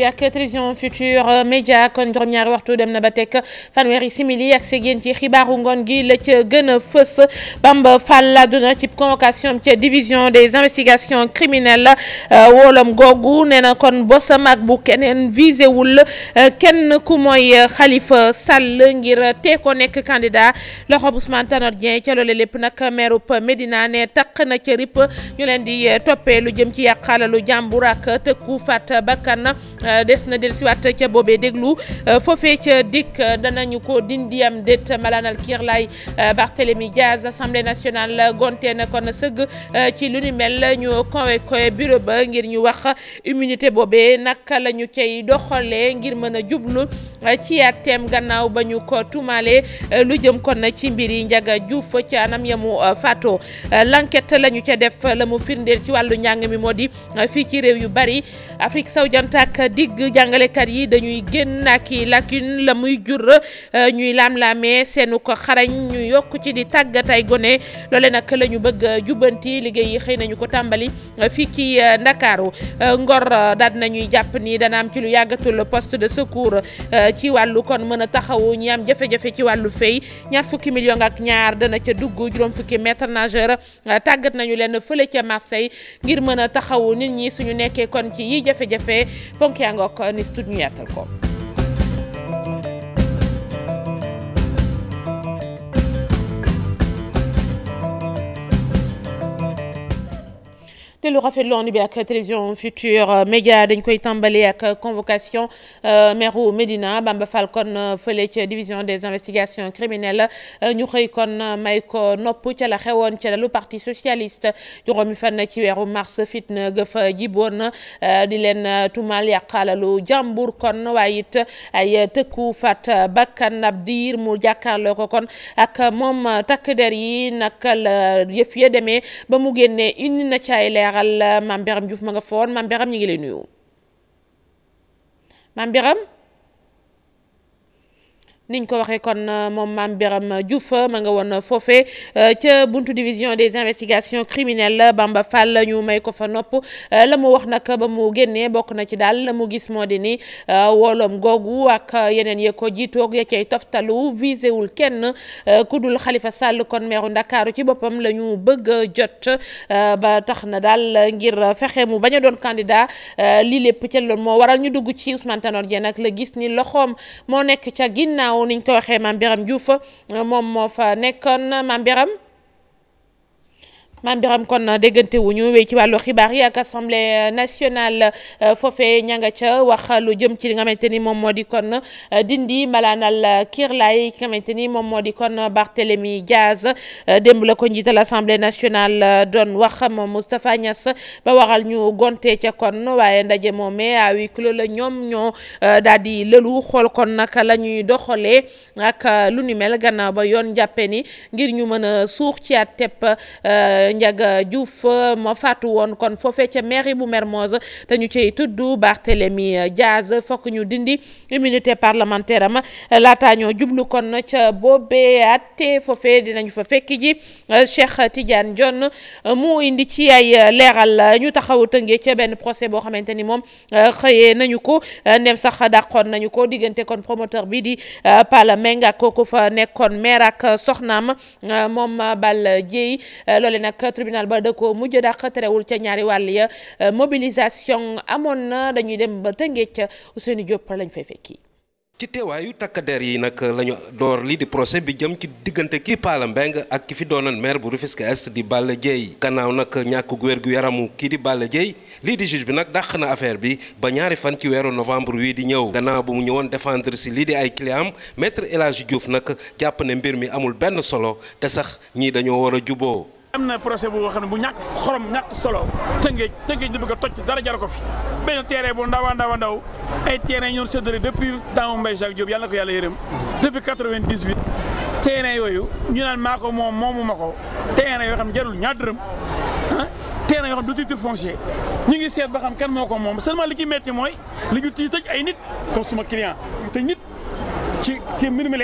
bi ak télévision Futurs Médias kon juróom-ñaari waxtu dem na ba teg fanweeri simili si segeen ci xibaaru ngoon gi la ca gën a fës Bamba Fall àdduna ci convocation ca division des investigations criminelles euh, woolam googu nee na kon bosam ak bu keneen visé wul euh, kenn ku mooy Khalifa Sall ngir te ko nekk candidat loxo Ousmane Tanor Dieng ca loole lépp nag maire Medina ne takk na ca rip ñu leen di toppee lu jëm ci yàqalalu jàmbur ak tëkku fat bakkan Euh, des na dellusiwaat ca boobee déglu euh, foofee ca dikk euh, danañu ko dindi am déet malaanal kiir laay Barthélémy Diaz assemblée nationale gonte na kon sëgg ci lu ni mel ñu convoqué bureau ba ngir ñu wax immunité boobe naka la ñu cay doxalee ngir mën a jublu. ci atteem gannaaw ba ñu ko tuumaale eh, lu jëm kon ci mbir yi Ndiaga Diouf ci anam yamu eh, fato eh, l'enquête lañu ñu ca def lamu mu ci wàllu njàng mi moo di fii ci réew yu bari Afrique saw jant ak digg jàngalekat yi dañuy génn ak i lacune lamuy muy jur ñuy laam-laamee seenu ko xarañ ñu yokk ci di tàggat ay gone loole nag lañu ñu bëgg jubbanti liggéey yi xëy nañu ko tàmbali fii ci Ndakaaru Ngor daal nañuy jàpp ni dana am ci lu yàggatul poste de secours ci wàllu kon mën a taxawu ñi am jafe-jafe ci wàllu fay ñaar fukki million ak ñaar dana ca dugg juróom fukki maître nageur euh, tàggat nañu leen fële ca Marseille ngir mën a taxawu nit ñi suñu nekkee kon ci yi jafe-jafe ponk yaa ni stud ñu yaatal ko te lu rafetlu woon bi ak télévision Futur Média dañ koy tàmbali ak convocation euh, maire Médina Bamba Fall kon euh, fële ca division des investigations criminelles euh, ñu xëy kon may ko nopp ca la xewoon ca lu parti socialiste juróomi fan ci weeru mars fitna gëf jiboon di leen tumal yàqalalu jàmbur kon waaye it ay tëkku fat bakkan ab diir mu jàkkaarloo ko kon ak moom takk der yi naka la yëf ya demee ba mu génnee indi na caay leeral maam Biram Diouf ma nga foon maam Biram ñu ngi lay nuyu niñ ko waxee kon euh, moom maam Birame Diouf euh, ma nga woon foofee euh, ca buntu division des investigations criminelles Bamba Fall ñu may ko fa nopp la mu wax nag ba mu génnee bokk na ci daal la mu gis moo di ni wooloom googu ak yeneen yee ko jiitoog ya cay toftalu visé wul kenn ku dul Khalifa Sall kon meexu Ndakaaru ci boppam lañu bëgg jot ba tax na daal ngir fexe mu bañ a doon candidat lii lépp ca loolu moo waral ñu dugg ci Ousmane Tanor nag la gis ni loxoom ginnaaw niñ ko waxee maam Biram Diouf moom moo fa nekkoon maam Biram maam Birame kon déggante wuñu ci wàllu xibaar yi ak assemblée nationale euh, foofee ña nga ca wax jëm ci li nga xamante ni moom moo di kon euh, dindi malaanal kiirlaay ki nga xamante ni moom moo di kon Barthélemy Diaz euh, démb la ko njiital assemblée nationale doon wax moom Moustapha Niass ba waral ñu gonte ca kon waaye ndaje moomee à huis la ñoom ñoo daal di lëlu xool kon naka la ñuy doxalee ak lu ni mel gannaaw ba yoon jàppe ni ngir ñu mën a suux ci at Ndiaga Diouf euh, ma faatu woon kon foofee ca mairie bu Mermoz te ñu cay tudd Barthélémy euh, Diaz fokk ñu dindi immunité parlementaire ma laataa ñoo jublu kon ca boobee atte foofee dinañu fa fekk ji euh, Cheikh Tidiane Dione mu indi ci ay leeral ñu taxaw tëngee ca benn procès boo xamante ni moom xëyee nañu ko ndem sax dàqoon nañu ko diggante kon promoteur bii di Pala Meng ko ko fa nekkoon maire ak soxnaam moom Bal Dieye loole nag nag tribunal ba da ko mujj dàq terewul ca ñaari wàll ya euh, mobilisation amoon na dañuy dem ba Tëngéej Ousseynou Diop lañ fay fekki. ci teewaayu takk der yi nag lañu door lii di procès bi jëm ci diggante kii Palla Mbengue ak ki fi doonoon maire bu Rufisque Est di Balla Dieye gannaaw nag ñàkk gu wér gu yaramu kii di Balla Dieye lii di juge bi nag dàq na affaire bi ba ñaari fan ci weeru novembre wii di ñëw gannaaw bu mu ñëwoon défendre si lii di ay kili am maître El Hadji Diouf nag jàpp ne mbir mi amul benn solo te sax ñii dañoo war a juboo am na procès boo xam ne bu ñàkk xorom ñàkk solo tëngeej tëngeej du bëgg a toj dara jar ko fi benn terrain bu ndaw a ndaw a ay terrain ñoon séddale depuis temps Mbaye Jacques Diop yàlla na ko yàlla yërëm depuis 98 terrain yooyu ñu naan maa ko moom moomu ma ko terrain yoo xam ne jarul ñaar dërëm ah terrain yoo xam du titre foncier ñu ngi seet ba xam kan moo ko moom seulement li ci metti mooy li ñu tii tëj ay nit comme suma client te nit ci ci mbir mi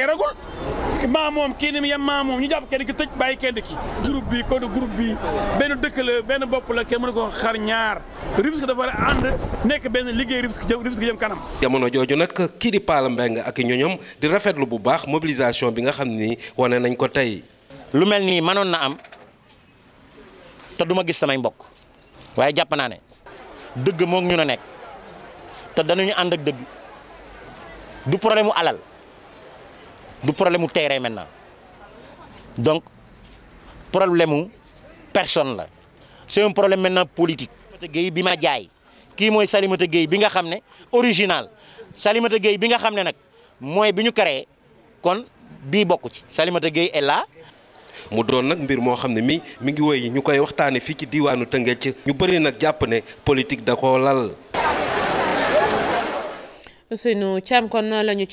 maa moom kii ni yem maa moom ñu jàpp kenn ki tëj bàyyi kenn ki groupe bi kon groupe bi benn dëkk la benn bopp la kenn mënu ko xar ñaar Rufisque dafa war a ànd nekk benn liggéey Rufisque jëm Rufisque jëm kanam. jamono jooju nag kii di Palla Mbengue ak ñoñom di rafetlu bu baax mobilisation bi nga xam ni wane nañ ko tey. lu mel nii mënoon na am te duma gis samay mbokk waaye jàpp naa ne dëgg moom ñu na nekk te danañu ànd ak dëgg du problème mu alal. du problème mu terrain maintenant donc problème mu personne la c'est un problème maintenant politique. Salimata bi ma jaay kii mooy Salimata Gueye bi nga xam ne original Salimata Gueye bi nga xam ne nag mooy bi ñu créé kon bii bokk ci Salimata Gueye est là. mu doon nag mbir moo xam ne mii mi ngi woy ñu koy waxtaane fii ci diwaanu Tëngéej ñu bëri nag jàpp ne politique da ko lal. Ousseynou Thiam kon la ñu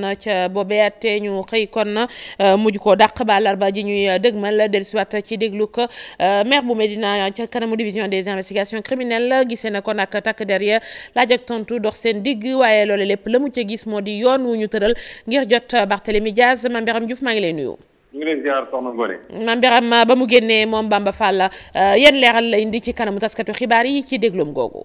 na ca boobee te ñu xëy kon euh, mujj ko dàq ba àllarba ji ñuy dëgmal dellusiwaat ci déglu ko euh, maire bu Médina ca kanamu division des investigations criminelles gisee na ko ak takk der ya laaj ak tontu dox seen digg waaye loole lépp la mu ca gis moo di yoon wu ñu tëral ngir jot Barthélémy Diaz Mame Birame Diouf maa ngi leen ziar soxna ba mu génnee moom Bamba Fall euh, yan leeral la indi ci kanamu taskatu xibaar yi ci dégloom googu.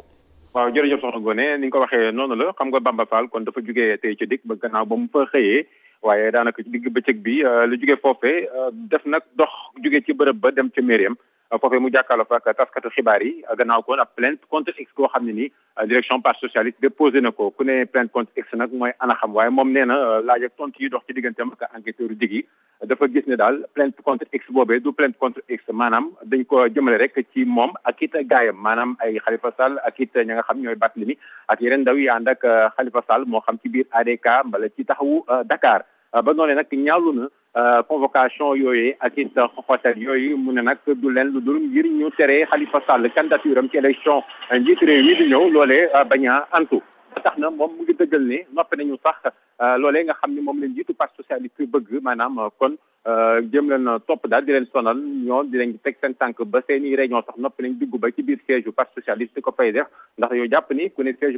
waaw jërëjëf soxna Ngoné ni nga ko waxee noonu la xam nga Bamba Fall kon dafa jugee tey ci dikk ba gannaaw ba mu fa xëyee waaye daanaka digg bëccëg bi euh, lu jugee foofee euh, def nag dox jugee ci bërëb ba dem ca mairie am foofee mu jàkkaarloo ak taskatu xibaar yi gannaaw ko ab plainte contre X koo xam ne nii direction parti socialiste déposé na ko ku ne plainte contre X nag mooy ana xam waaye moom nee na euh, laaj ak tontu yi dox ci digganteem ak enquêteur dig yi dafa gis ne daal plainte contre X boobee du plainte contre X maanaam dañ ko jëmale rek ci moom ak it gaayam maanaam ay Khalifa Sall ak it ña nga xam ñooy Barthélémy ak yeneen ndaw yi ànd ak euh, Khalifa Sall moo xam ci biir ADK mbala ci taxawu euh, Dakar ba noonee nag ñaawlu na Euh, convocation yooyu ak it xoxatal yooyu mu ne nag du leen lu dul ngir ñu tere Khalifa Sall candidature am ci élection njiit réew mi di ñëw loolee euh, bañ a antu tax na moom mu ngi dëggal ne noppi nañu sax euh, loolee nga xam ne moom la njiitu parti socialiste bëgg maanaam kon Euh, jëm leen euh, topp daal di leen sonal ñoom dinañ teg seen tànk ba seen i réunion sax noppi nañ dugg ba ci biir siège yu parti socialiste ko fay def ndax yow jàpp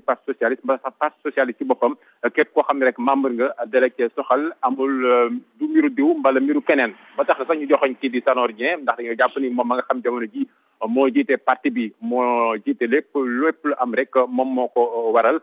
ba sax euh, ba tax na sax ñu joxoñ kii di Tanor Dieng ndax dañoo jàpp ni moom ma nga xam jamono ji moo jiite parti bi moo jiite lépp lépp lu am rek moom moo ko waral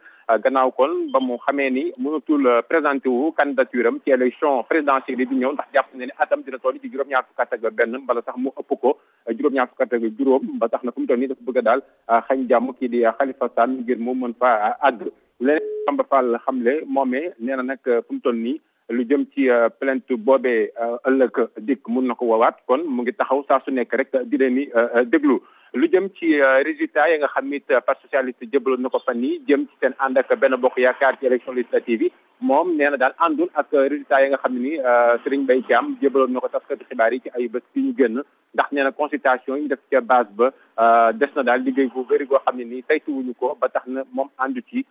gannaaw kon ba mu xamee ni mënatul présenté wu candidature am ci élection présidentielle yi ñëw ndax jàpp na ni atam dina toll ci juróom-ñaar fukk ak benn bala sax mu ëpp ko juróom-ñaar fukk ak juróom ba tax na fu mu toll nii dafa bëgg a daal xañ jàmm kii di Khalifa Sall ngir mu mën fa àgg leneen Samba Fall xamle moomee nee na nag fu mu toll nii lu jëm ci plainte boobee ëllëg dikk mun na ko woowaat kon mu ngi taxaw saa su nekk rek di leen ni déglu lu jëm ci résultat yi nga xam nit parti socialiste jëbaloon na ko fa yii jëm ci seen ànd ak benn bokk yaakaar ci élection législative yi moom nee na daal àndul ak euh, résultat yi nga xam ne ni euh, Serigne Mbaye Thiam jébaloon na ko taskati xibaar yi ci ay bés yi ñu génn ndax nee na consultation yi def ca base ba euh, des na daal liggéey bu bëri goo xam ne nii saytuwuñu ko ba tax na moom àndu ci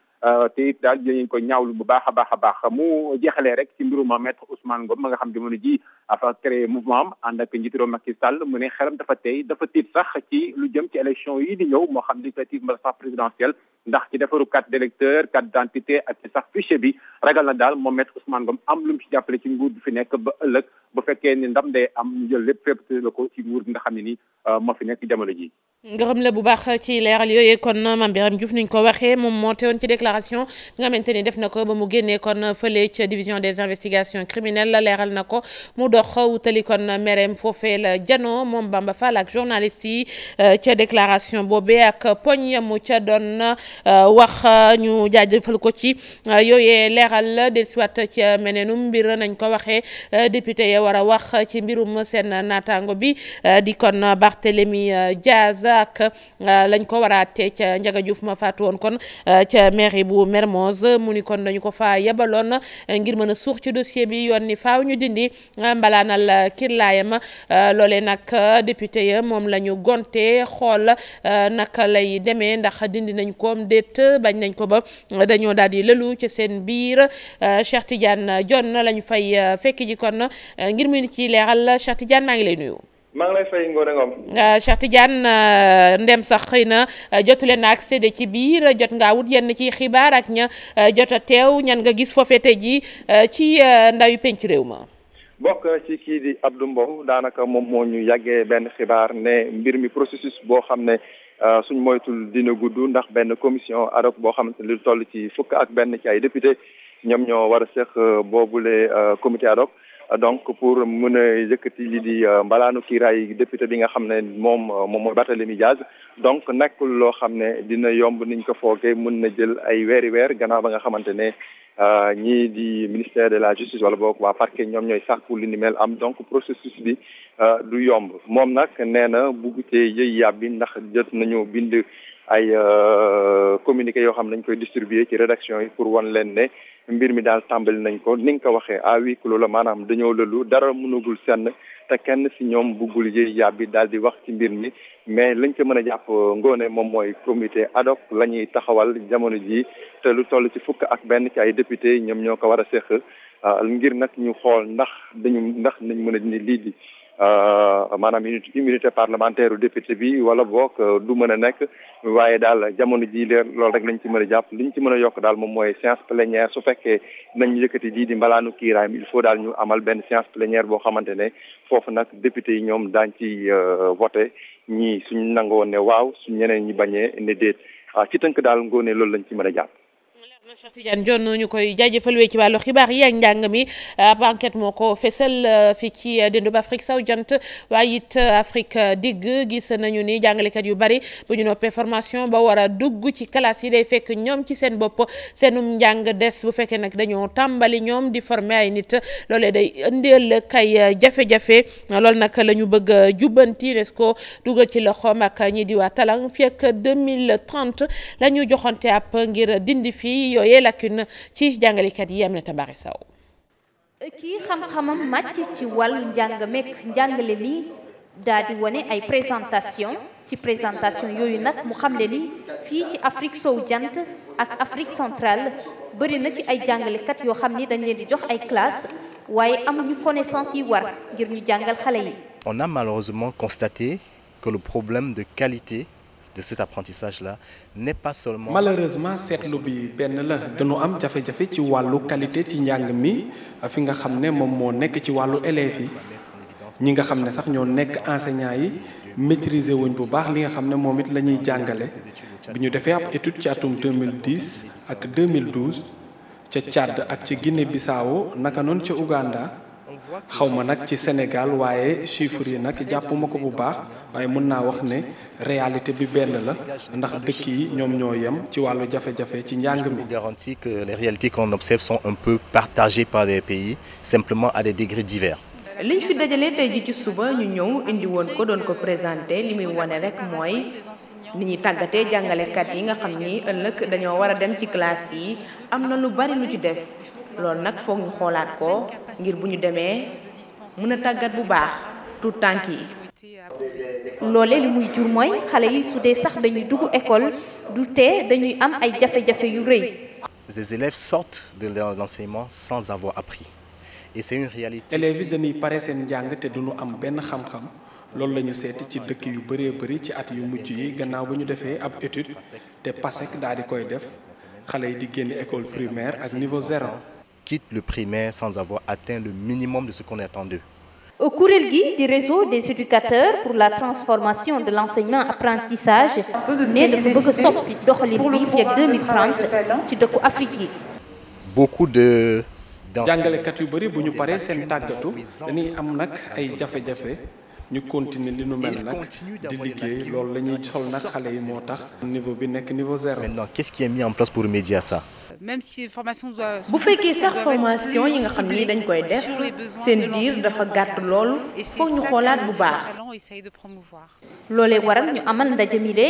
te it daal dinañ ko ñaawlu bu baax a baax a baax mu jeexalee rek ci mbirum maître Ousmane Ngom ma nga xam jamono ji afa créé mouvement am ànd ak njiitu réew Macky Sall mu ne xeram dafa tey dafa tiit sax ci lu jëm ci élection yi di ñëw moo xam législative mbala sax présidentielle ndax ci defaru carte d'électeur carte d'identité ak ci sax fichier bi ragal na daal moom maître Ousmane Ngom am lu mu ci jàppale ci nguur bi fi nekk ba ëllëg bu fekkee ni ndam day am ñu jël lépp fépp la ko ci nguur bi nga xam ne ni euh, moo fi nekk jamono jii ngërëm la bu baax ci leeral yooyu kon Mame Birame Diouf ni ñu ko waxee moom moo teewoon ci déclaration nga xamante ni def na ko ba mu génnee kon fële ca division des investigations criminelles la na ko mu dox wutali kon merem foofee jano moom Bamba Fall ak journaliste yi euh, ca déclaration boobee ak poñ mu ca doon euh, wax ñu jaajëfal ko ci euh, yooyee leeral del siwaat ci meneenum mbir nañ ko waxee député ya war a wax ci mbirum seen naataango bi di kon Barthélémy Diaz ak euh, lañ ko war a àttee ca Ndiaga Diouf ma faatu woon kon euh, ca mairie bu Mermoz mu ni kon dañu ko fa yebaloon euh, ngir mën a suux ci dossier bi yoon ni faaw ñu dindi mbalaanal kirlaayam loole nag député ya moom lañu ñu gonte xool naka lay demee ndax dindi nañ ko déet bañ nañ ko ba dañoo daal di lëlu ci seen biir Cheikh Tidiane Dione la ñu fay fekk ji kon ngir mu ni ci leeral Cheikh Tidiane maa ngi lay nuyu. maa ngi lay fay Ngoné Ngom. Euh, Cheikh Tidiane euh, ndem sax xëy na euh, jotu leen ak séddee ci biir jot ngaa wut yenn ci xibaar ak ña jot a teew ñan nga gis foofee tey jii ci ndawi penc réew ma. bokk na ci kii di Abdou Mbow daanaka moom moo ñu yàggee benn xibaar ne mbir mi processus boo xam ne suñ moytul dina gudd ndax benn commission ad hoc boo xam ne lu toll ci fukk ak benn ci ay député ñoom ñoo war a seq boobule comité ad hoc donc pour mën a yëkkati li di euh, mbalaanu kiiraay député bi nga xam ne moom euh, moom moo mooy mi Diaz donc nekkul loo xam ne dina yomb niñ ko foogee mën na jël ay weeri weer gannaaw ba nga xamante ne euh, ñii di ministère de la justice wala boog waa parquet ñoom ñooy sàkku li ni mel am donc processus bi du yomb moom nag nee na bugg cee yëy yàb bi ndax jot nañu bind ay communiqué yoo xam ne dañ koy distribuer ci rédaction yi pour wan leen ne mbir mi daal tàmbali nañ ko ni nga ko waxee à ah la maanaam dañoo lëlu dara mënagul senn te kenn si ñoom buggul yëy yàbbi daal di wax ci mbir mi mais lañ ko mën a jàpp ngoone moom mooy comité ad hoc la ñuy taxawal jamono jii te lu toll ci fukk ak benn ci ay député ñoom ñoo ko war a séq ah, ngir nag ñu xool ndax dañu ndax nañ mën a ni lii di Euh, maanaam immunité parlementaire u député bi wala boog euh, du mën a nekk waaye daal jamono ji leen loolu rek lañ ci mën a jàpp li ñu ci mën a yokk daal moom mooy séance plénière su fekkee nañ yëkkati lii di mbalaanu kiiraay il faut daal ñu amal benn séance plénière boo xamante ne foofu nag député yi ñoom daañ ci euh, voté ñii suñu nangoo ne waaw su ñeneen ñi bañee ne déet ah, ci tënk daal ngoone loolu lañu ci mën a jàpp Cheikh Tidiane Dione ñu koy jaajëfal wee ci wàllu xibaar yi ak njàng mi ab enquête moo ko fesal euh, fii ci euh, dendub Afrique saw jant waaye it euh, Afrique digg gis nañu ni jàngalekat yu bari bu ñu noppee formation ba war a dugg ci kalaas yi day fekk ñoom ci seen bopp seenum njàng des bu fekkee nag dañoo tàmbali ñoom di forme ay nit loole day indil kay jafe-jafe loolu nag la ñu bëgg a jubbanti UNESCO dugal ci loxoom ak ñi di waa Talang fii ak joxante ab ngir dindi fii. yooyee lacune ci jàngalekat yi Aminata Bare kii xam-xamam màcc ci wàllu njàng mekk njàngale mi daal di wane ay présentation ci présentation yooyu nag mu xamle ni fii ci Afrique sowu jant ak Afrique centrale bëri na ci ay jàngalekat yoo xam ni dañ leen di jox ay classe waaye amuñu connaissance yi war ngir ñu jàngal xale yi. On a malheureusement constaté que le problème de qualité. de cet apprentissage là n'est pas seulement. malheureusement seetlu bi benn la dañu am jafe-jafe ci wàllu qualité ci njàng mi fi nga xam ne moom moo nekk ci wàllu élèves yi ñi nga xam ne sax ñoo nekk enseignants yi maîtriser wuñ bu baax li nga xam ne moom it la ñuy jàngale bi ñu defee ab étude ci atum 2010 ak 2012 ca Tchad ak ci Guinée Bissau naka noonu ca Ouganda. xaw ma nag ci Sénégal waaye chiffres yi nag jàppuma ko bu baax waaye mun naa wax ne réalité bi benn la ndax dëkk yi ñoom ñoo yem ci wàllu jafe-jafe ci njàng mi. garantit que les réalités qu'on observe sont un peu partagées par les pays simplement à des degrés divers. liñ fi dajalee tey ji ci suba ñu ñëw indi woon ko doon ko présenté li muy wane rek mooy. ni ñuy tàggatee jàngalekat yi nga xam ni ëllëg dañoo war a dem ci classe yi am na lu bari lu ci des loolu nag foog xoolaat ko ngir bu ñu demee mën a tàggat bu baax tout tànk yi. loole li muy jur mooy xale yi su dee sax dañuy dugg école du tee dañuy am ay jafe-jafe yu rëy. les élèves sortent de l'enseignement sans avoir appris et c'est une réalité. élèves yi dañuy pare seen njàng te duñu am benn xam-xam loolu la ñu seeti ci dëkk yu bëree bëri ci at yu mujj yi gannaaw bu ñu defee ab étude te PASEC daal di koy def xale yi di génn école primaire ak niveau zéro. quittent le primaire sans avoir atteint le minimum de ce qu'on attend d'eux. au kuréel gi di réseau des éducateurs pour la transformation de l'enseignement apprentissage ne dafa bëgg a soppi doxalin bi fii ak 2030 ci dëkku Afrique yi. beaucoup de. jàngalekat yu bëri bu ñu pare seen tàggatu dañuy am nag ay jafe-jafe. ñu continuer li nu mel nag di liggéey loolu la ñuy sol nag xale yi moo tax. niveau bi nekk niveau zéro. maintenant qu'est-ce qui est mis en place pour remédier à ça. même bu fekkee sax formation yi nga xam ni dañ koy def seen diir dafa gàtt loolu foog ñu xoolaat bu baax. loolee waral ñu amal ndaje mi de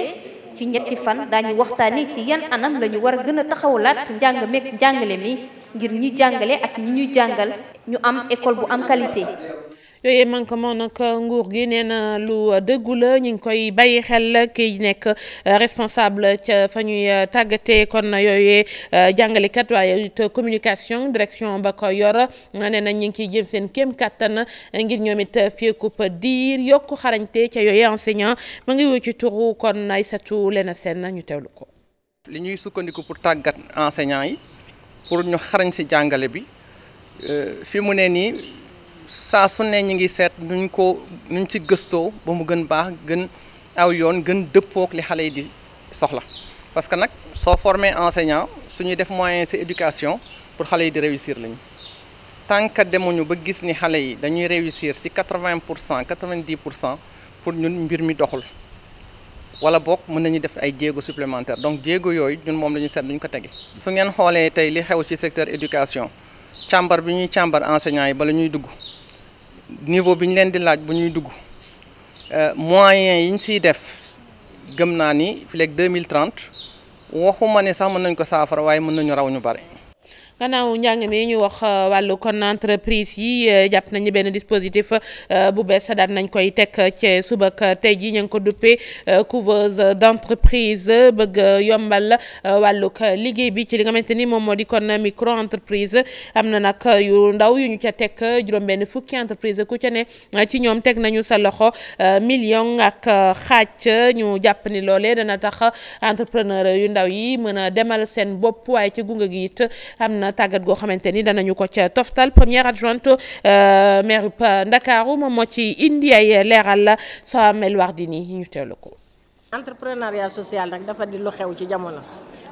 ci ñetti fan daañu waxtaanee ci yan anam la war a gën a taxawalaat njàng meeg njàngale mi ngir ñi jàngale ak ñi ñuy jàngal ñu am école bu am qualité. yooyu manquement nag euh, nguur gi nee na lu dëggu la ñu ngi koy bàyyi xel kiy nekk euh, responsable ca fa ñuy euh, tàggatee kon yooyee jàngalekat waaye it communication direction ba ko yor nee na ñu ngi ciy jëm seen kem kattan ngir ñoom it féekup diir yokk xarañte ca yooyee enseignant ma ngi woo ci turu kon Aïssatou Léna Sène ñu teewlu ko. li ñuy sukkandiku pour tàggat enseignant yi pour ñu xarañ si jàngale bi fi mu ne nii. saa su ne ñu ngi seet nu nuñ ko nu nuñ ci gëstoo ba mu gën baax gën aw yoon gën dëppook li xale yi di soxla parce que nag soo formé enseignant suñuy def moyen ci éducation pour xale yi di réussir lañu tant que demuñu ba gis ni xale yi dañuy réussir ci 80 pour cent 90 pour cent pour ñun mbir mi doxul wala boog mën nañu def ay jéego supplémentaire donc jéego yooyu ñun moom la ñu seet lu ñu ko tegee su ngeen xoolee tey li xew ci secteur éducation càmbar bi ñuy càmbar enseignant yi bala ñuy dugg. niveau bi ñu leen di laaj bu ñuy dugg euh, moyens yi ñu siy def gëm naa ni fileeg 2030 waxuma ne sax mën nañ ko saafara waaye mën nañu raw ñu bare gannaaw njàng mi ñu wax euh, wàllu kon entreprise yi euh, jàpp nañu benn dispositif euh, bu bees daan nañ koy teg ci suba ak tey jii ñu ngi ko duppee couveuse d'entreprise bëgg yombal wàllug liggéey bi ci li nga xamante ni moom moo di kon micro entreprise am na nag yu ndaw yu ñu ca teg juróom-benn fukki entreprise ku ca ne ci ñoom teg nañu sa loxo million ak xaaj ñu jàpp ni loole dana tax entrepreneur yu ndaw yi mën a demal seen bopp waaye ci gunge gi it am na tàggat goo xamante ni danañu ko ca toftal première adjointe euh, maire euh, Ndakaaru moom moo ci indi ay leeral la di nii ñu teelu ko. entrepreneuriat social nag dafa di lu xew ci jamono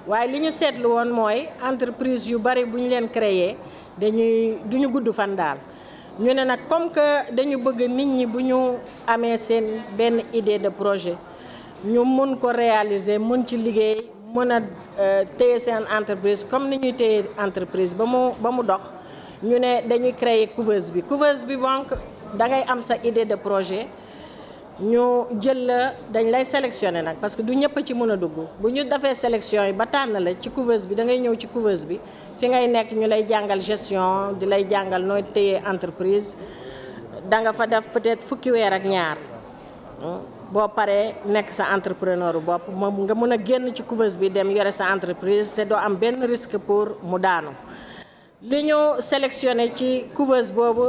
waaye li ñu seetlu woon mooy entreprise yu bari bu ñu leen créer du ñu gudd fan daal. ñu ne nag comme que dañu bëgg nit ñi bu ñu amee seen benn idée de projet ñu mun ko réaliser mun ci liggéey mën a euh, téye seen entreprise comme ni ñuy téye entreprise ba mu ba mu dox ñu ne dañuy créer couveuse bi couveuse bi donc da ngay am sa idée de projet ñu jël la dañ lay sélectionner nag parce que du ñëpp ci mën a dugg bu ñu defee sélection yi ba tànn la ci couveuse bi dangay ñëw ci couveuse bi fi ngay nekk ñu lay jàngal gestion di lay jàngal nooy téye entreprise da nga fa def peut-être fukki weer ak ñaar boo paree nekk sa entrepreneur bu bopp moom nga mën a génn ci couveuse bi dem yore sa entreprise te doo am benn risque pour mu daanu li ñu sélectionné ci couveuse boobu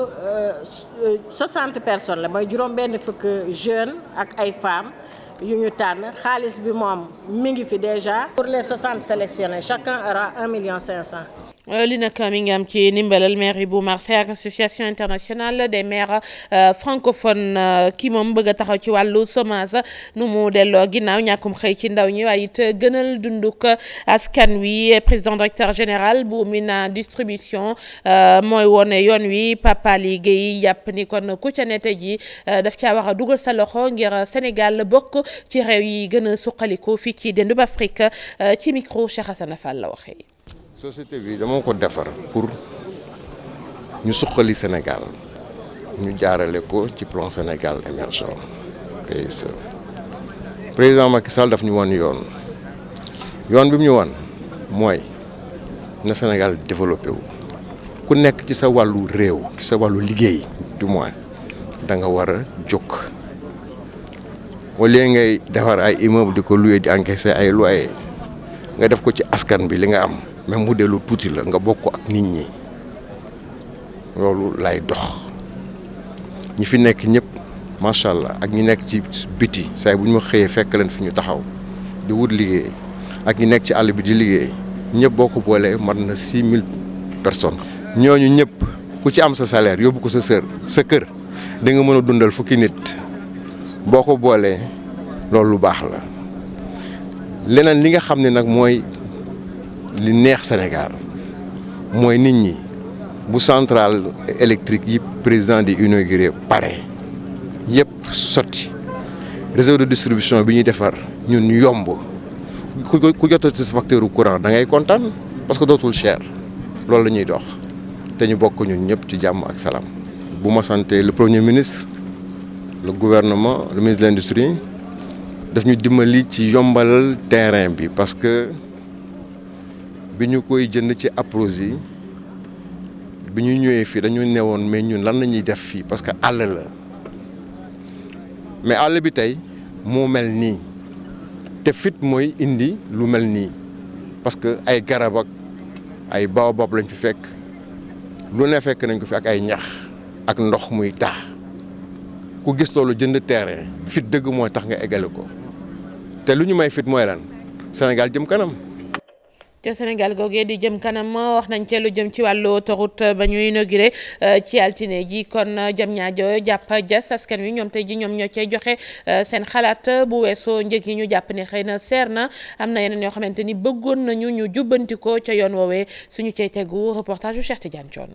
60 euh, personnes la mooy juróom benn fukk jeunes ak ay femmes yu ñu tànn xaalis bi moom mi ngi fi déjà. pour les 60 sélectionnés chaque aura 1 million 500. Euh, li nag mi nga am ci ndimbalal mairie bu Marseille ak association internationale des maires euh, francophones euh, kii moom bëgg a taxaw ci wàllu chômage nu mu delloo ginnaaw ñàkkum xëy ci ndaw ñi waaye it gënal dunduk askan wi président directeur général bu Mina distribution mooy wone yoon wi Papa Liggéey jàpp ni kon ku ca nete ji daf caa war a dugal sa loxo ngir Sénégal bokk ci réew yi gën a suqaliku fii ci dendub Afrique ci micro Cheikh Hassan Fall la waxee. société bi dama ko defar pour ñu suqali Sénégal ñu jaarale ko ci plan Sénégal émergent PSE président Macky Sall daf ñu wan yoon yoon bi mu ñu wan mooy na Sénégal développé wu ku nekk ci sa wàllu réew ci sa wàllu liggéey du moins da nga war a jóg au lieu ngay defar ay immeuble di ko louer di encaisser ay loyer nga def ko ci askan bi li nga am mais mu dellu tuuti la nga bokk ak nit ñi loolu lay dox ñi fi nekk ñëpp macha allah ak ñi nekk ci biti saa bu ñu ma xëyee fekk leen fi ñu taxaw di wut liggéey ak ñi nekk ci àll bi di liggéey ñëpp boo ko boolee man na six mille personnes. ñooñu ñëpp ku ci am sa salaire yóbbu ko sa sër sa kër da mën a dundal fukki nit boo ko boolee loolu lu baax la leneen li nga xam ne nag mooy. li neex Sénégal mooy nit ñi bu centrale électrique yi président di inauguré pare yëpp sotti réseau de distribution bi ñuy defar ñun yomb ku ku jotati sa courant da ngay kontaan parce que dootul cher loolu la ñuy dox te ñu bokk ñun ñëpp ci jàmm ak salaam. bu ma santé le premier ministre le gouvernement le ministre de l'industrie daf ñu dimbali ci yombalal terrain bi parce que. bi ñu koy jënd ci approche yi bi ñu ñëwee fii dañu newoon mais ñun lan la ñuy def fii parce que àll la mais àll bi tey moo mel nii te fit mooy indi lu mel nii parce que ay garab ak ay baobab lañ fi fekk lu ne fekk nañ ko fi ak ay ñax ak ndox muy taa ku gis loolu jënd terrain fit dëgg mooy tax nga eggale ko te lu ñu may fit mooy lan Sénégal jëm kanam ca Sénégal googee di jëm kanam wax nañ ci lu jëm ci wàllu autoroute ba ñu inauguré euh, ci altine ji kon euh, jëm ñaa ñaajo jàpp ja askan wi ñoom tey ji ñoom ñoo cay joxe euh, seen xalaat bu weesoo njëg yi ñu jàpp ni xëy na seer na am na yeneen yoo xamante ni bëggoon nañu ñu jubbantikoo ca yoon woowee suñu cay tegu reportage bu Cheikh Tidiane Thion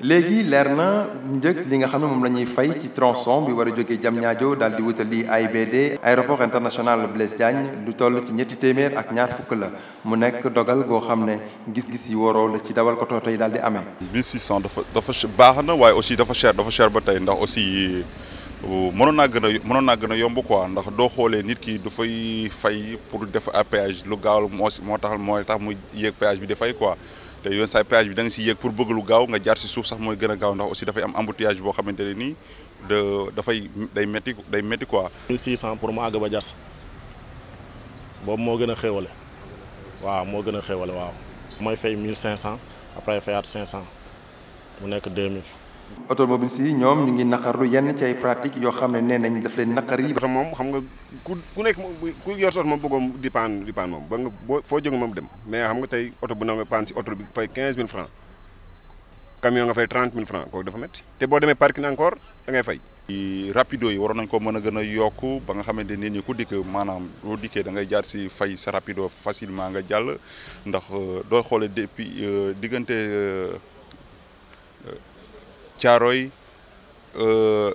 léegi leer na njëkk li nga xam ne moom la ñuy fay ci tronson bi war a jógee Diamniadio daal di wutal wutali AIBD aéroport international Blaise Diagne lu toll ci ñetti téeméer ak ñaar fukk la mu nekk dogal goo xam ne gis-gis yi waroo la ci dawal ko tooto yi daal di amee 1600 dafa dafa baax na waaye aussi dafa cher dafa cher ba tey ndax aussi mënoon naa gën a mënoon naa gën a yomb quoi ndax doo xoolee nit ki du fay pour def à lu gaaw moo moo tax moo tax mu yéeg péage bi dafay quoi te yoon saay péage bi da nga si yéeg pour bëgg lu gaaw nga jaar si suuf sax mooy gën a gaaw ndax aussi dafay am embouteillage boo xamante ne nii de dafay day métti day métti quoi. 1600 pour ma àgg ba jas boobu moo gën a xéwale waaw moo gën a xéwale waaw. mooy fay 1500 après fayaat 500 mu nekk 2000. automobilistes si ñoom ñu ngi naqarlu yenn ci ay pratique yoo xam ne nee nañ daf leen naqar yi oto moom xam nga ku ku nekk ku yor sa oto moom bëggoom di paan di paan moom ba nga boo foo jóge moom dem mais xam nga tey oto bu na nga paan si oto bi fay 15000 francs camion nga fay 30000 francs te boo demee parking encore da ngay fay rapido yi waroon nañ ko mën a gën a yokk ba nga xamante nit ñi ku dikk maanaam loo dikkee da ngay jaar si fay sa rapido facilement nga jàll ndax euh, doo xoole depuis euh, diggante euh, Caaroy euh,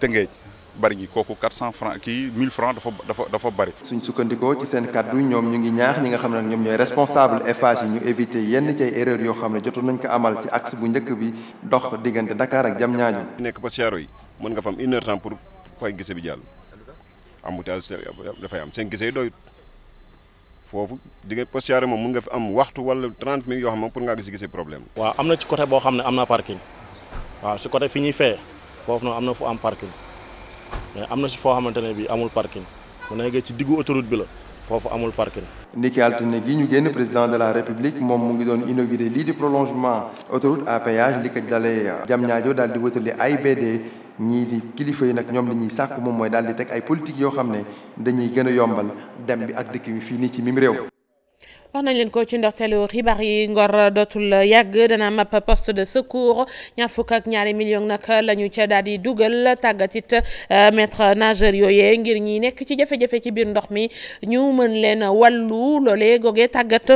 Tëngéej bari gi kooku 400 francs kii 1000 francs dafa dafa dafa bari. suñ sukkandikoo ci seen kàddu yi ñoom ñu ngi ñaax ñi nga xam ne ñoom ñooy responsable Eiffage yi ñu éviter yenn ci ay yoo xam ne jotoon nañ ko amal ci axe bu njëkk bi dox diggante Dakar ak Diamniadio. nekk ba yi mën nga fa am une heure temps pour fay gise bi jàll embouteillage dafay am seen gise yi doyut foofu diggante Caaroy moom mën nga fi am waxtu wala 30 gis gise problème. am na ci côté boo xam ne am na parking. waaw si côté fi ñuy fee foofu noonu am na fu am parking mais am na si foo xamante ne bii amul parking mu nekkee ci diggu autoroute bi la foofu amul parking. ndiki altine gi ñu génn président de la république moom mu ngi doon inauguré lii di prolongement autoroute à péage li ko dalee Diamniadio daal di ay AIBD ñii di kilifa yi nag ñoom li ñuy sàkk moom mooy daal di teg ay politique yoo xam ne dañuy gën a yombal dem bi ak dikk bi fii nii ci mim réew. wax nañ leen ko ci ndox ndorteelu xibaar yi Ngor dootul yàgg dana am ab poste de secours ñaar fukk ak ñaari million nag la ñu ca daal di dugal tàggat it euh, maître nageur yooyee ngir ñi nekk ci jafe-jafe ci biir ndox mi ñu mën leen wàllu loolee googee tàggat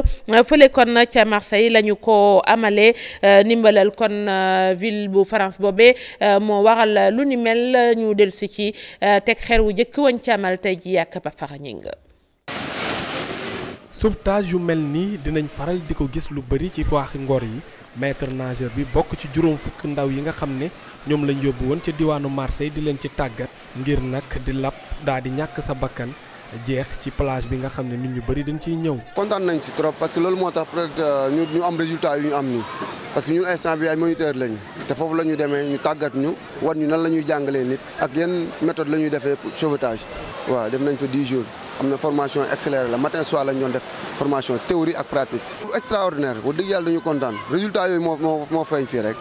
fële kon ca Marseille la ñu ko amalee euh, ndimbalal kon euh, ville bu France boobee moo waral lu ni mel ñu dellu si ci teg xeer wu jëkk wañ ci amal tey ji ak Papa Fara Ñing sauvetage yu mel nii dinañ faral di ko gis lu bëri ci waaxi ngor yi maître nageur bi bokk ci juróom fukk ndaw yi nga xam ne ñoom lañ yóbbu woon ca diwaanu Marseille di leen ci tàggat ngir nag di lap daal di ñàkk sa bakkan jeex ci plage bi nga xam ne nit ñu bëri dañ ciy ñëw. kontaan nañ ci trop parce que loolu moo tax peut euh, ñu ñu am résultat yu ñu am nii parce que ñu instant bi ay moniteur lañ te foofu la ñu demee ñu tàggat ñu war ñu nan la ñuy jàngalee nit ak yan méthode la ñuy defee sauvetage waaw def nañ fa 10 jours. am na formation accélérée la matin soir lañ def formation théorie ak pratique. extraordinaire bu yàlla dañu kontaan résultat yooyu moo moo feeñ fii rek.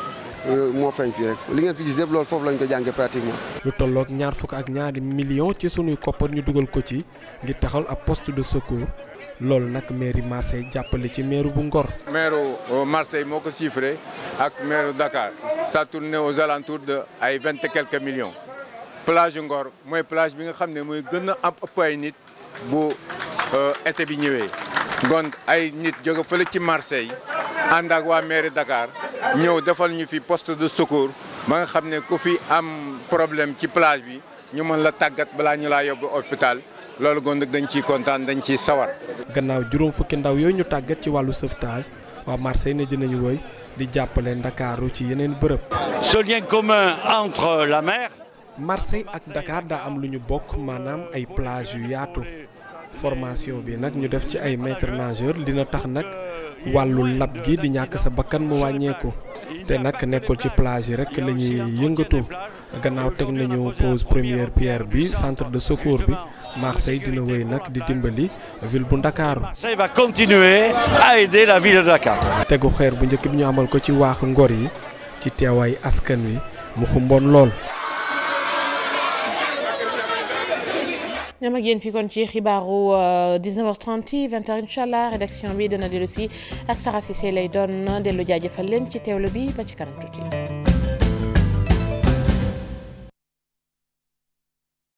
li ngeen fi gis yëpp loolu foofu lañ ko jàngee pratiquement. lu tolloog ñaar fukk ak ñaari millions ci sunuy koppar ñu dugal ko ci ngir taxal ab poste de secours loolu nag mairie Marseille jàppale ci maire bu Ngor. maire euh, Marseille moo ko chiffré ak maire Dakar ça tourne aux alentours de ay vingt et quelques millions plage a am bu euh, été bi ñëwee kon ay nit jóge fële ci Marseille ànd ak waa mairie Dakar ñëw defal ñu fi poste de secours ma nga xam ne ku fi am problème ci plage bi ñu mën la tàggat balaa ñu laa yóbbu hôpital loolu kon nag dañ ciy kontaan dañ ciy sawar. gannaaw juróom fukki ndaw yooyu ñu tàggat ci wàllu sauvetage waa Marseille ne dinañu woy di jàppale Ndakaaru ci yeneen bërëb. Ce commun entre la mer. Marseille ak Dakar daa am lu ñu bokk maanaam ay plage yu yaatu formation bi nag ñu def ci ay maître nageur dina tax nag wàllu lab gi di ñàkk sa bakkan mu wàññeeku te nag nekkul ci plage yi rek la ñuy yëngatu gannaaw teg nañu pose première pierre bi centre de secours bi Marseille dina wéy nag di dimbali ville bu Ndakaaru. Marseille va tegu xeer bu njëkk bi ñu amal ko ci waaxu ngor yi ci teewaay askan wi mu xumboon lool. ñam ak yéen fi kon ci xibaaru 19h30 20h incha allah rédaction bi dana dellu si ak Sara Cissé lay doon dellu jaajëfal leen ci teewlu bi ba ci kanam tuuti.